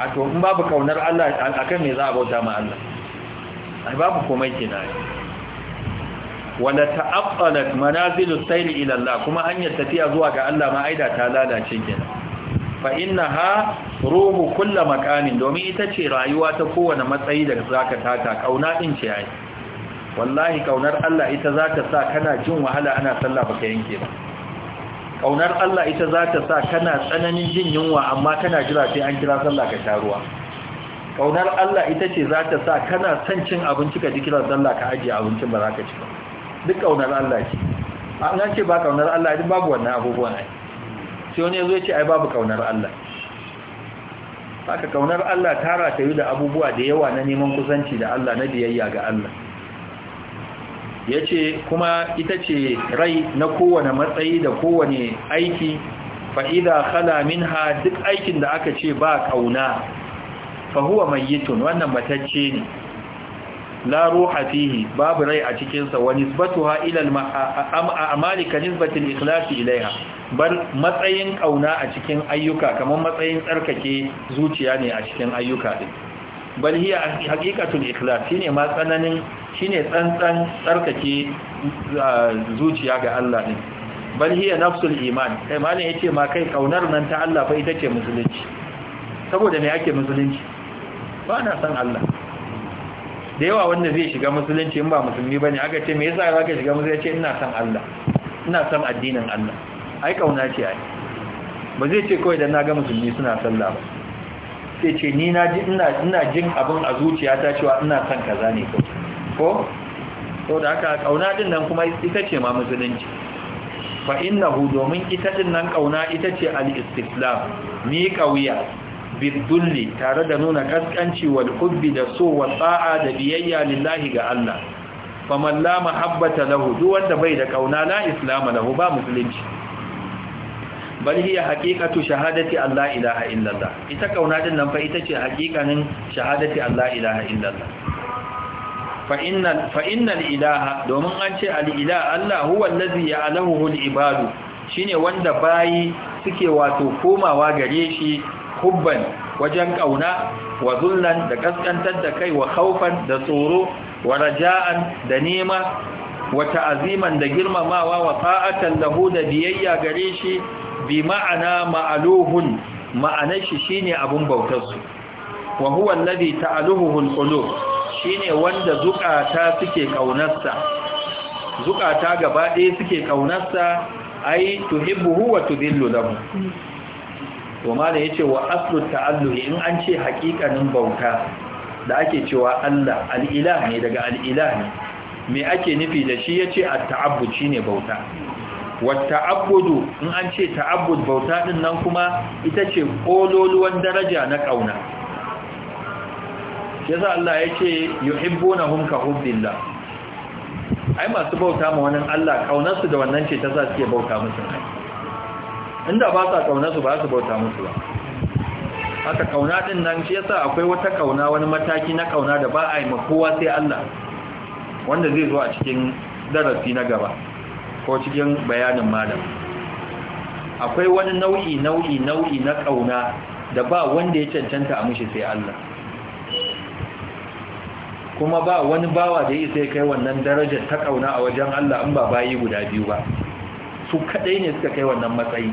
a to in babu kaunar Allah akan me za a bauta ma Allah ai babu komai kenan wala ta'aqqalat manazilu sayl ila Allah kuma hanyar tafiya zuwa ga Allah ma aida ta lalace kenan fa ha ruhu kulla makanin domin ita ce rayuwa ta kowane matsayi da zaka taka Ƙauna ɗin ce yi wallahi ƙaunar Allah ita za ta sa kana jin wahala ana sallah baka yanke ba Ƙaunar Allah ita za ta sa kana tsananin jin yunwa amma kana jira sai an kira sallah ka sha ruwa ƙaunar Allah ita ce za ta sa kana son cin abinci ka ji kiran sallah ka ajiye abincin ba za ka ci ba duk ƙaunar Allah ce an ce ba ƙaunar Allah duk babu wannan abubuwan ai sai wani zo ya ce ai babu kaunar Allah haka kaunar Allah ta ratayu da abubuwa da yawa na neman kusanci da Allah na biyayya ga Allah yace kuma ita ce rai na kowane matsayi da kowane aiki fa'ida kala min minha duk aikin da aka ce ba kauna mai yi mayyitun wannan matacce ne la ruha fihi babu rai a cikinsa sa wa nisbatuha ila al-a'mali ka ilaiha bal matsayin kauna a cikin ayyuka kamar matsayin tsarkake zuciya ne a cikin ayyuka din bal hiya haqiqatul ikhlas shine ma tsananin shine tsantsan tsarkake zuciya ga Allah din bal hiya nafsul iman kai malam yace ma kai kaunar nan ta Allah fa ita ce musulunci saboda me ake musulunci ba na san Allah da yawa wanda zai shiga musulunci in ba musulmi bane aka ce me yasa zaka shiga musulunci ina san Allah ina san addinin Allah ai kauna ce ai ba zai ce kawai da na ga musulmi suna sallah ba sai ce ni na ji ina jin abin a zuciya ta cewa ina son kaza ne ko ko to da haka kauna din nan kuma ita ce ma musulunci fa innahu domin ita din nan kauna ita ce al-istislam mi kawiya bidulli tare da nuna kaskanci wal hubbi da so wa tsa'a da biyayya lillahi ga Allah Fa la mahabbata lahu duk wanda bai da kauna la islama lahu ba musulunci bal hiya haqiqatu shahadati Allah ilaha illallah ita kauna din nan fa ita ce haqiqanin shahadati Allah ilaha illallah fa innal fa innal ilaha domin an ce al ilaha Allah huwa allazi ya'lamuhu al ibadu shine wanda bayi suke wato komawa gare shi hubban wajen kauna wa zullan da kaskantar da kai wa khaufan da tsoro wa raja'an da nema wa ta'aziman da girmamawa wa ta'atan lahu da biyayya gare shi bi ma'ana ma'aluhun ma'anar shi shine abun bautarsu wa huwa alladhi ta'aluhu qulub shine wanda zukata suke kaunarsa zukata gaba ɗaya suke kaunarsa ai tuhibbuhu wa tudillu lahu to yace wa aslu ta'alluhi in an ce haƙiƙanin bauta da ake cewa Allah al-ilah ne daga al-ilah ne me ake nufi da shi yace at-ta'abbud shine bauta Wata abudu, in an ce ta'abbud bauta din nan kuma ita ce kololuwan daraja na kauna za Allah ya ce yuhibbunahum ka hubbillah ai masu bauta ma wannan Allah kaunar su da wannan ce ta su suke bauta musu inda ba sa kaunar su ba su bauta musu ba haka kauna din nan shi sa akwai wata kauna wani mataki na kauna da ba a yi ma kowa sai Allah wanda zai zo a cikin darasi na gaba ko cikin bayanin malam akwai wani nau'i nau'i nau'i na kauna da ba wanda ya cancanta a mushi sai Allah kuma ba wani bawa da ya sai kai wannan darajar ta kauna a wajen Allah in ba bayi guda biyu ba su kadai ne suka kai wannan matsayi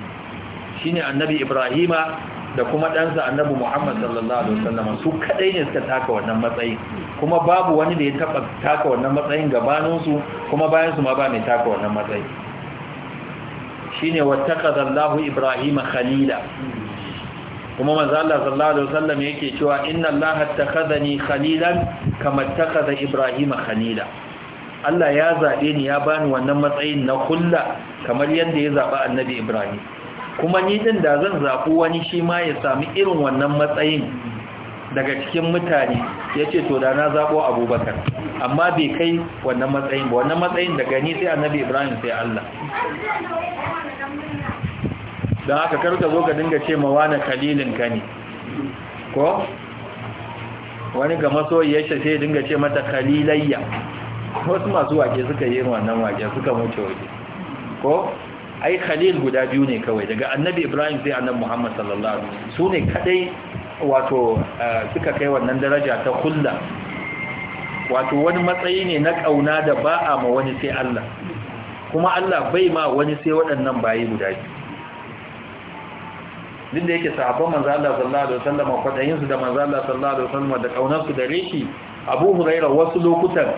shine annabi Ibrahima da kuma ɗansa annabi Muhammad sallallahu alaihi wasallam su kadai ne suka taka wannan matsayin kuma babu wani da ya taba taka wannan matsayin gabaninsu, kuma bayansu ma ba mai taka wannan ne shine wattaqadallahu Ibrahim khalila kuma manzo Allah sallallahu alaihi wasallam yake cewa inna Allah attakhadhani khalilan kama attakhadha ibrahima khalila Allah ya zaɓe ni ya bani wannan matsayin na kulla kamar yadda ya zaba annabi Ibrahim kuma ni din da zan zafi wani shi ma ya sami irin wannan matsayin daga cikin mutane ya ce to da na zaɓo abubakar amma bai kai wannan matsayin ba wannan matsayin daga ni sai annabi ibrahim sai allah don haka karka zo ka dinga ce ma wane kalilin ka ne ko wani ga ce sai dinga ce mata kalilayya wasu masu wake suka yi wannan wake suka mutu waje ko ai khalil guda biyu ne kawai daga annabi ibrahim sai annabi muhammad sallallahu alaihi wasallam su ne kadai wato eh, suka kai wannan daraja ta kulla wato wani matsayi ne na kauna da ba a ma wani sai Allah kuma Allah bai ma wani sai waɗannan bayi guda biyu din da yake sahabban manzo Allah sallallahu alaihi wasallam kwadayin su da manzo Allah sallallahu alaihi wasallam da kaunar su da reshi Abu Hurairah wasu lokutan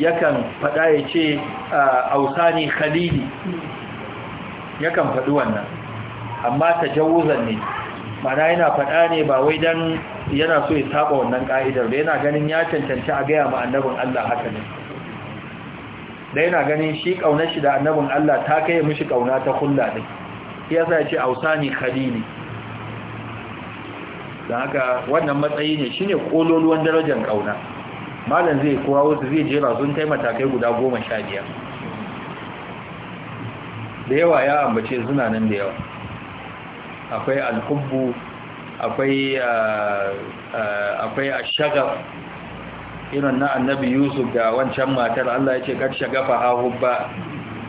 yakan fada yace ah, ausani khalili yakan faɗi wannan amma ta jawuzan ne mana yana faɗa ne ba wai don yana so ya saba wannan ƙa'idar da yana ganin ya cancanci a gaya ma annabin Allah haka ne da yana ganin shi ƙaunar shi da annabin Allah ta kai mishi ƙauna ta kulla ne ya sa ya ne ausani ne. don haka wannan matsayi ne shi ne ƙololuwan darajar ƙauna malam zai kowa wasu zai jera sun kai guda goma sha biyar da yawa ya ambace suna nan da yawa akwai alhubbu akwai a ah, ah, shagaf irin na annabi yusuf da wancan matar Allah ya ce kad shagafa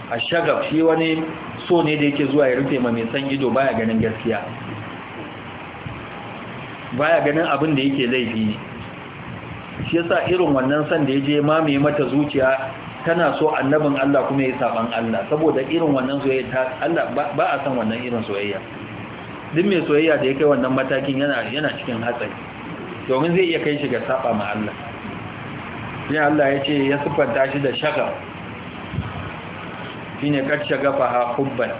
A shagaf shi wani so ne da yake zuwa ya rufe ma mai san ido baya ganin gaskiya baya ganin abin da yake laifi ne shi yasa irin wannan san da ya je mamaye mata zuciya tana so annabin Allah kuma ya yi saban Allah saboda irin wannan soyayya ta Allah ba a san wannan irin soyayya duk mai soyayya da ya kai wannan matakin yana yana cikin hatsari domin zai iya kai shi ga saba ma Allah sai Allah ya ce ya sifanta shi da shaka shine kad shaka fa hubban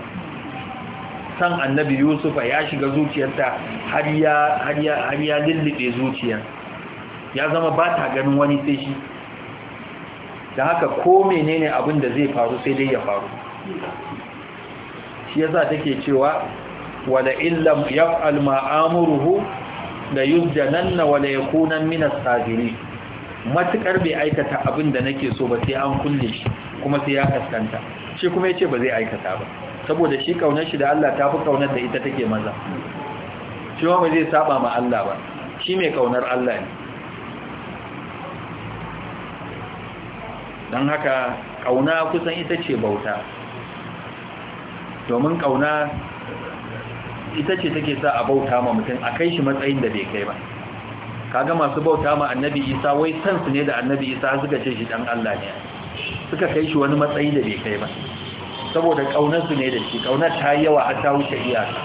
san annabi Yusufa ya shiga zuciyarta har ya har ya har ya lullube zuciya ya zama ba ta ganin wani sai shi da haka ko menene abin da zai faru sai dai ya faru shi yasa take cewa wala illam yaf'al ma amuruhu la yuzjananna wala yakuna min as-sabirin matukar bai aikata abin da nake so ba sai an kulle shi kuma sai ya kaskanta shi kuma yace ba zai aikata ba saboda shi kaunar shi da Allah ta fi kaunar da ita take maza shi ba zai saba ma Allah ba shi mai kaunar Allah ne don haka ƙauna kusan ita ce bauta domin ƙauna ita ce take sa a bauta ma mutum a kai shi matsayin da bai kai ba kaga masu bauta ma annabi isa wai sansu su ne da annabi isa suka ce shi dan Allah ne suka kai shi wani matsayi da bai kai ba saboda kaunar su ne da shi kaunar ta yawa a ta wuce iyaka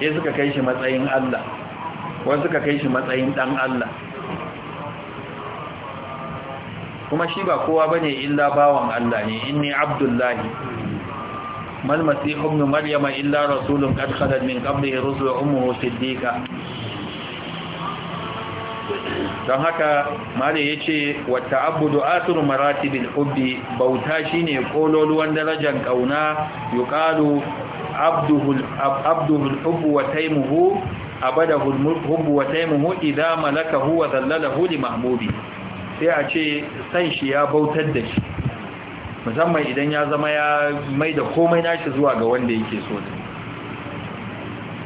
sai suka kai shi matsayin Allah wai suka kai shi matsayin dan Allah kuma shi ba kowa bane illa bawan Allah ne inni abdullahi mal masih ibn maryama illa rasulun qad khalat min qablihi rusul ummuhu siddiqa don haka mali ya ce wata abudu asir maratibin hubbi bauta shine kololuwan darajar kauna yuqalu abduhul abduhul hubbu wa taimuhu abadahul hubbu wa taimuhu idza malakahu wa zallalahu li mahbubi sai a ce san shi ya bautar da shi musamman idan ya zama ya mai da komai nashi zuwa ga wanda yake so da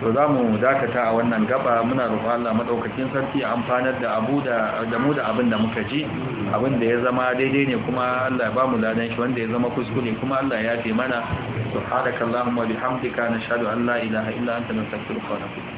to za mu dakata a wannan gaba muna rufa Allah madaukakin sarki amfanar da abu da mu da abin da muka ji abin da ya zama daidai ne kuma Allah ya ba mu ladan shi wanda ya zama kuskure kuma Allah ya yafe mana subhanakallahumma bihamdika nashhadu an la ilaha illa anta wa